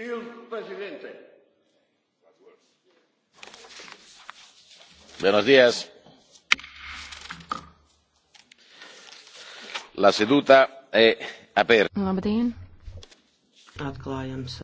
Il presidente. Buenos días. La seduta è aperta. Labdien. Atklājams.